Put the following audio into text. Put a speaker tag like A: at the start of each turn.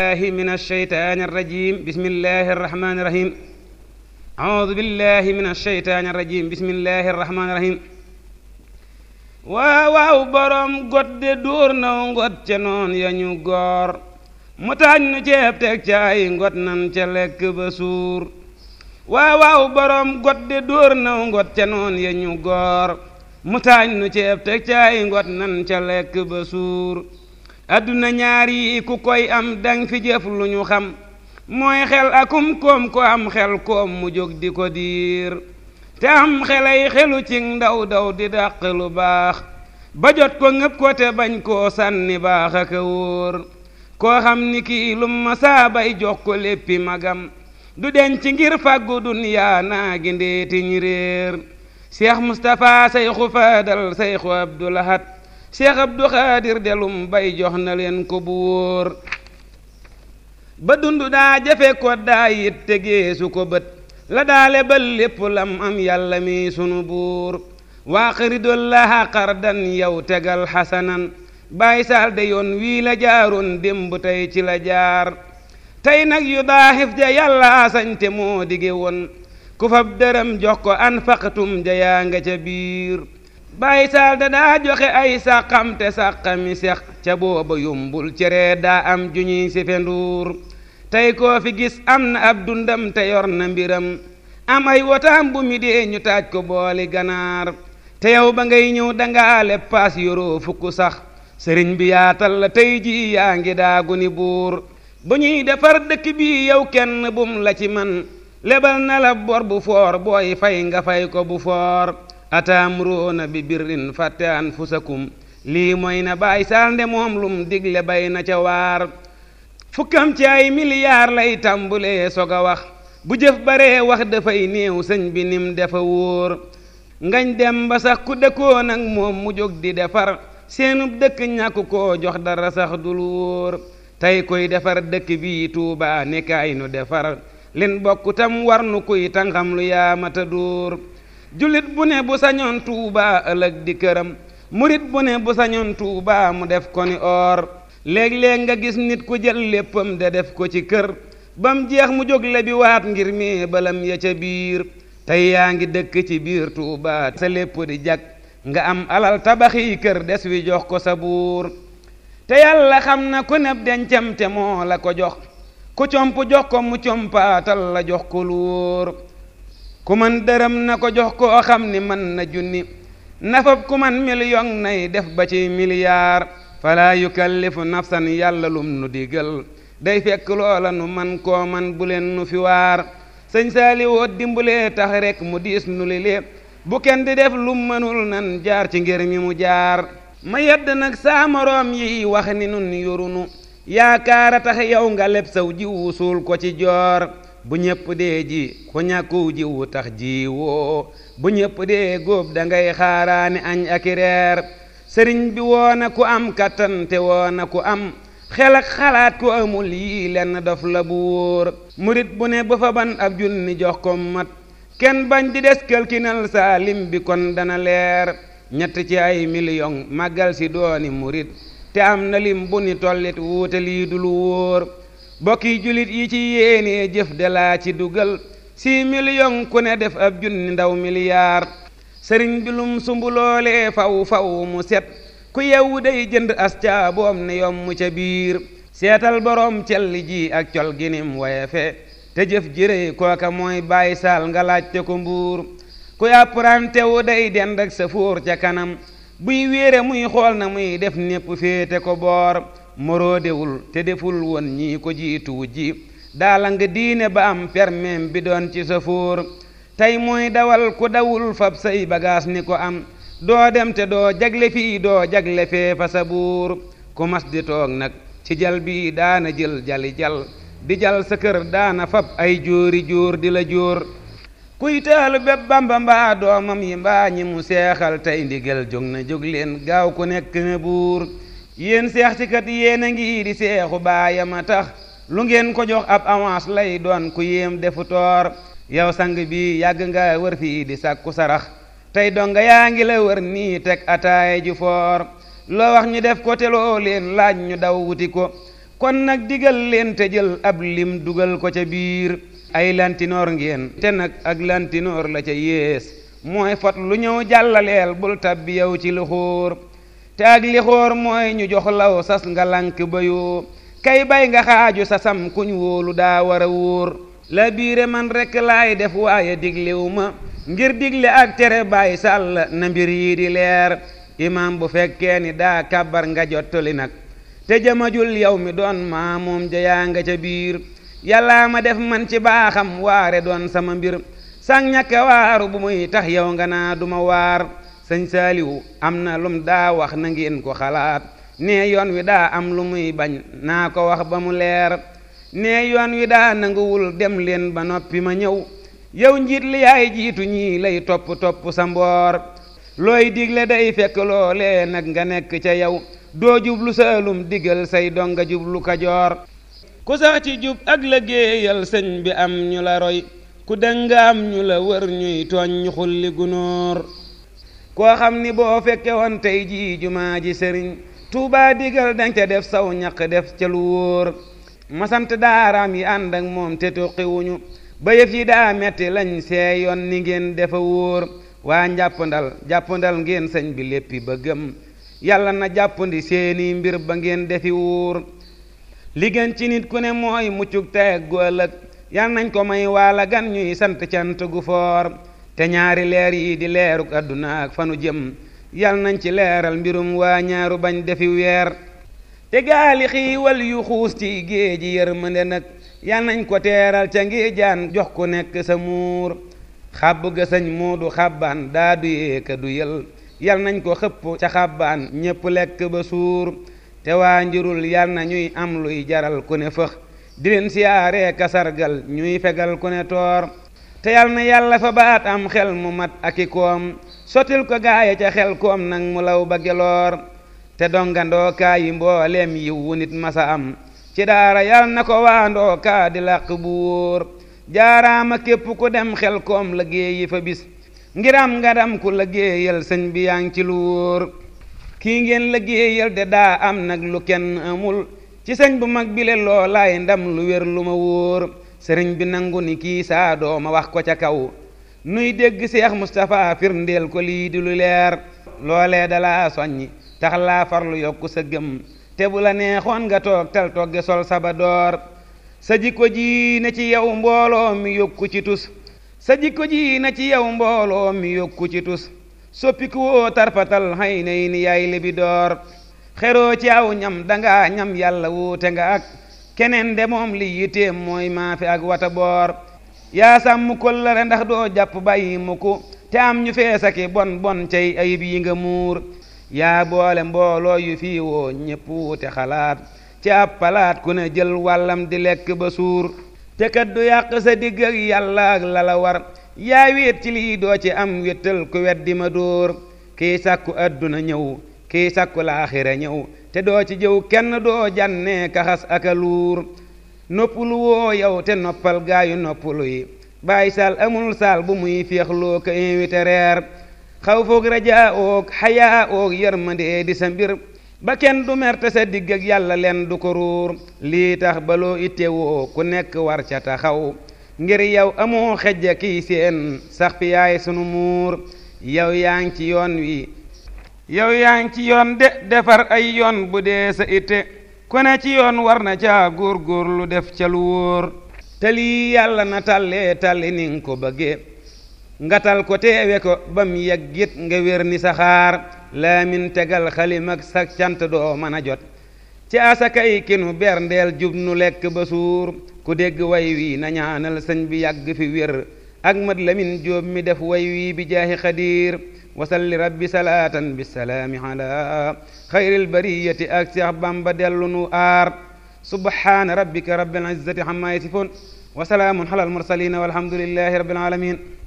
A: الله من الشيطان الرجيم بسم الله الرحمن الرحيم أعوذ got de dóor naw ngot ca noon ya ñu goor mu taaj nu ceeb teg ca ay ngot got nan ca lekk ba suur adduna ñaar yi ku koy am dang fi jëf lu ñu xam mooy xel akum koom ko am xel koom mu jóg di ko diir te am xelay xelu ci ndaw daw di daq lu baax ba jot ko ngëb ko te bañ koo sànni baax ak a wóor koo xam ni kii lum ma saa jox ko léppi magam du denc ngir fàggu dunyaa naa gi ndeetiñ réer Cheikh Moustapha Seyxu Faadal Seyxu Abdulahat Cheikh Abdou Khadir delum bay jox na leen ko bu wóor ba dund daa jafe ko daa yit te geesu ko bët la daale ba lépp lam am yàlla mi sunu buur waa xëridol laha xardan yow tegal xasanan bàyyi saal de yoon wii la jaaroon démb tey ci la jaar tey nag yu daaxif ja yàlla sañte moo dige woon ku fab dërëm jox ko anfaqtum ja yaa nga ca biir bàyyi saal da daa joxe ay sàqam te sàqami sex ca booba yumbul cere daa am ju ñuy sifenduur tey koo fi gis am na ab dundam te yor na mbiram am ay wotaam bu mi dee ñu taaj ko booli ganaar te yow ba ngay ñëw dangaa leb paas yoroo fukk sax sëriñ bi yaatal la tey ji yaa ngi daagu ni buur bu ñuy defar dëkk bi yow kenn bum la ci man lebal na la bor bu foor booy fay nga fay ko bu foor atamruuna bi birrin fàtte anfusakum lii mooy na bàyyi saar nde moom lum digle bay na ca waar fukkam ci ay miliyaar lay tàmbulee sog a wax bu jëf bare wax dafay néew sëñ bi nim dafa wóor ngañ dem ba sax ku dëkkoon ak moom mu jóg di defar seenub dëkk ñàkku ko jox dara sax dul wóor tey koy defar dëkk bii Tuubaa nekkaay nu defar leen bokk war nu kuy tanxam lu yaamata dóor jullit bu ne bu sañoon tuubaa ëllëg di këram murit bu ne bu sañoon tuubaa mu def ko ni or léeg nga gis nit ku jël léppam de def ko ci kër bam jeex mu jóg lebi waat ngir mi balam ya ca biir tey yaa ngi dëkk ci biir tuubaa sa lépp di jag nga am alal tabaxi kër des wi jox ko sa buur te yàlla xam na ku neb dencam moo la ko jox ku comp jox ko mu compaatal la jox ko luur ku dërëm na ko jox koo xam ni mën na junni nafab ku man nay def ba ci miliyaar falaa yukallifu nafsan yàlla lum nu digal day fekk loola nu man koo man bu leen nu fi waar sëñ dimbulee tax rekk mu diis nu li bu kenn di def lu mënul nan jaar ci ngir mi mu jaar ma yedd nag saa moroom yi wax ni nun yaakaar yaakaara tax yow nga leb saw jiwu suul ko ci joor bu ñëpp dee ji ku ñàkku ji wu tax ji woo bu ñëpp dee góob dangay ngay xaaraani añ ak reer sëriñ bi woona ku am kàttante te woona ku am xel ak xalaat ku amul yi lenn dof la bu wóor murit bu ne ba fa ban ab junni jox ko mat kenn bañ di des këlkinal saa lim bi kon dana leer ñett ci ay miliyon màggal si dooni murit te am na lim bu ni tollit wuute wóor bokki jullit yi ci yéenee jëf de laa ci dugal si million ku ne def ab junni ndaw milliard sëriñ bi lum sumb faw faw mu set ku yewwu day jënd as caaboom ne yom mu ca biir seetal boroom cell ji ak col ginim woyefe te jëf jëre kooka mooy bàyyi saal nga laajte ko mbuur ku yàppurante wu dend ak sa fóor ca kanam buy wéere muy xool na muy def népp féete ko boor moroodewul te deful woon ñii ko jiitu wujji daala nga diine ba am permeem bi doon ci safóor tey mooy dawal ku dawul fab say bagaas ni ko am doo dem te doo jagle fii doo jagle fee fa sa buur ku mas di toog nag ci jal bii daana jël jali jal di jal sa kër daana fab ay jóori jóor di la jóor kuy taalu bépp bamba mbaa doomam yi mbaa ñi mu seexal tey ndigal jóg na jóg leen gaaw ku nekk na buur yéen seex si yéen a ngi di seexu baayam a tax lu ngeen ko jox ab avance lay doon ku yéem defu toor yow sang bi yàgg nga wër fii di sàkku sarax tey donga yaa ngi la wër nii teg ataay ji foor loo wax ñu def ko te loo leen laaj ñu daw wuti ko kon nag digal leen te jël ab lim dugal ko ca biir ay lantinoor ngeen te nag ak lantinoor la ca yées mooy fot lu ñëw jàllaleel bul tabbi yow ci lu te ak li mooy ñu jox law sas nga lànk bayoo kay bay nga xaaju sasam kuñ wóolu daa war a wóor la biire man rekk laay def waaye diglewu ma ngir digle ak tere bàyyi sàll na mbir yi di leer imaam bu fekkee ni daa kàbbar nga jottali nag te jëmajul yow mi doon maa moom jayaa nga ca biir yàlla ma def man ci baaxam waare doon sama mbir sang ñàkk waaru bu muy tax yow nga naa duma waar sëñ saaliwu am na lum daa wax na ngeen ko xalaat nee yoon wi daa am lu muy bañ naa ko wax ba mu leer nee yoon wi daa nanguwul dem leen ba noppi ma ñëw yow njiit li yaay jiitu ñii lay topp topp sa mboor looy digle day fekk loolee nag nga nekk ca yow doo jublu sa lum digal say donga jublu kajoor ku sax ci jub ak liggéeyal sëñ bi am ñu la roy ku dëng nga am ñu la wër ñuy tooñ ñu xulli gunóor koo xam ni boo fekke woon tey jii jumaa ji sëriñ Tuubaa digal dañ ca def saw ñaq def ca lu wóor masant daaraam yi ànd ak moom te tuqiwuñu ba yëf yi daa metti lañ see yoon ni ngeen defa wóor waa njàppandal jàppandal ngeen sëñ bi léppi ba gëm yàlla na jàppandi seeni mbir ba ngeen defi wóor li gën ci nit ku ne mooy muccug tey gu ëllëg yal nañ ko may waala gan ñuy sant cant gu foor te ñaari leer yi di leeruk àdduna ak fanu jëm yal nañ ci leeral mbirum waa ñaaru bañ defi te gaali xiiwal yu xuus ci géej ji yërmande nag yal nañ ko teeral ca ngi jaan jox ku nekk sa muur xàbb ga sañ moodu xàbbaan daa du yéeka du yël yal nañ ko xëpp ca xàbbaan ñépp lekk ba suur te waa njurul yal na ñuy am luy jaral ku ne fëx di leen siyaaree kasargal ñuy fegal ku ne toor te yal na yàlla fa baat am xel mu mat ak i koom sottil ko gaaya ca xel koom nag mu law ba geloor te dongandoo kaa yi mbooleem yi nit masa am ci daara yal na ko waandoo kaa di làq bu wóor jaaraama képp ku dem xel koom liggéey yi fa bis ngiram nga dam ku liggéeyal sëñ bi yaa ngi ci lu wóor kii ngeen liggéeyal de daa am nag lu kenn amul ci sëñ bu mag bile loolaay ndam lu wér lu ma wóor sëriñ bi nangu ni kii saadoo ma wax ko ca kaw nuy dégg seex Mustapha firndeel ko lii di lu leer loolee dalaa soññi tax laa farlu yokku sa gëm te bu la neexoon nga toog tal togge sol saba door sa jikko ji na ci yow mbooloo mi yokku ci tus sa jikko ji na ci yow mbooloo mi yokku ci tus soppiku woo tarfatal xay nay ni yaay libi xeroo ci aw ñam dangaa ñam yàlla wuute nga ak keneen de moom li yiteem mooy maa fi ak wata boor yaa sàmm kóllëre ndax doo jàpp bàyyi mukk te am ñu feesaki bon bon cay ayib yi nga muur yaa boole mbooloo yu fii woo ñépp wuute xalaat ci ab palaat ku ne jël wàllam di lekk ba suur te kat du yàq sa digg ak yàlla ak lala war yaa wéet ci lii doo ci am wéttal ku weddi ma dóor kiy sàkku àdduna ñëw kiy sàkku laaxira ñëw te doo ci jëw kenn doo jànnee kaxas ak a luur noppalu woo yow te noppal gaayu noppalu yi bàyyi saal amul saal bu muy féexloo ko invité reer xaw foog rajaa oog xayaa oog yërmandee di sa mbir ba kenn du merte sa digg ak yàlla leen du ko ruur lii tax baloo ittewoo ku nekk war ca taxaw ngir yow amoo xejja kiy seen sax fi yaay sunu muur yow yaa ngi ci yoon wi yow yaa ngi ci yoon de defar ay yoon bu dee sa itte ku ne ci yoon war na caa lu def ca lu wóor te lii yàlla na tallee talli ni nga ko bëggee nga tal ko teewe ko ba mu yàggit nga wér ni sa xaar laamin tegal xalim sa cant doo mën jot ci asaka yi kinu berndeel jub nu lekk ba suur ku dégg way wi na ñaanal sëñ bi yàgg fi wér ak mat lamin jóob mi def way wii bi jaahi xadir wasalli rabbi salaatan bisalaami ala xayril bariyati ak seex bamba dellu nu aar subhaana rabbika rabbil izzati amma yasifoon wa salaamun ala al mursalina walhamdulillahi rabbil alamin